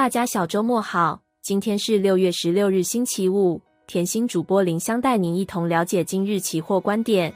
大家小周末好，今天是六月十六日，星期五。甜心主播林香帶您一同了解今日期貨觀點。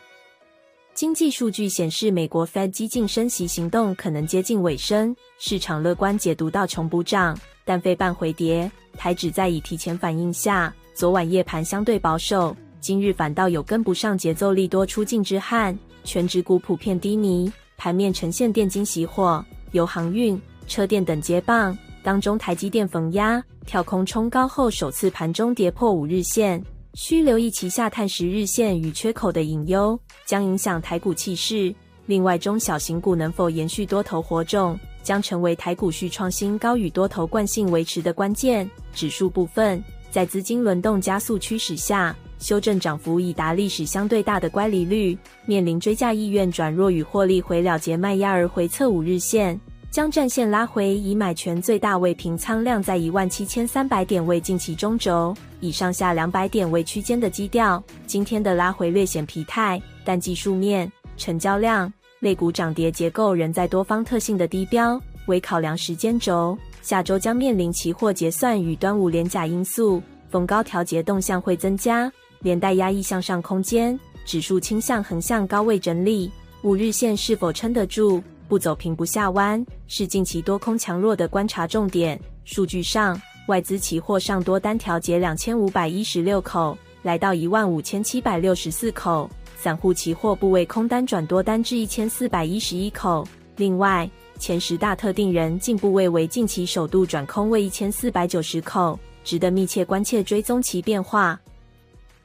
經濟數據顯示，美國 Fed 基激進升息行動可能接近尾聲，市場樂觀解讀道瓊補漲，但費半回跌。台指在已提前反應下，昨晚夜盤相對保守，今日反倒有跟不上節奏利多出盡之憾。權值股普遍低迷，盤面呈現電金熄火、由航運、車電等接棒。當中，台積電逢壓跳空衝高後，首次盤中跌破五日線，需留意其下探十日線與缺口的隱憂，將影響台股氣勢。另外，中小型股能否延續多頭火種，將成為台股續創新高與多頭慣性維持的關鍵。指數部分，在資金輪動加速驅使下，修正漲幅已達歷史相對大的乖離率，面臨追價意願轉弱與獲利回了結賣壓而回測五日線。將戰線拉回，以買權最大未平倉量在一萬七千三百點為近期中軸，以上下兩百點為區間的基調。今天的拉回略顯疲態，但技術面、成交量、類股漲跌結構仍在多方特性的低標。惟考量時間軸，下周將面臨期貨結算與端午連假因素，逢高調節動向會增加，連帶壓抑向上空間，指數傾向橫向高位整理。五日線是否撐得住？不走平不下彎，是近期多空強弱的觀察重點。數據上，外資期貨上多單調節兩千五百一十六口，來到一萬五千七百六十四口；散戶期貨部位空單轉多單至一千四百一十一口。另外，前十大特定人淨部位為近期首度轉空為一千四百九十口，值得密切關切追蹤其變化。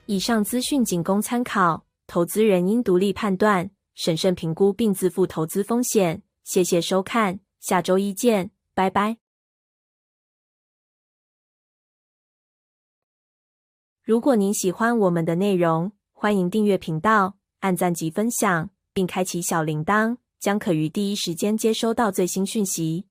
以上資訊僅供參考，投資人應獨立判斷。審慎評估並自負投資風險。謝謝收看，下周一見，拜拜。如果您喜歡我們的內容，歡迎訂閱頻道，按讚及分享，並開啟小鈴鐺，將可於第一時間接收到最新訊息。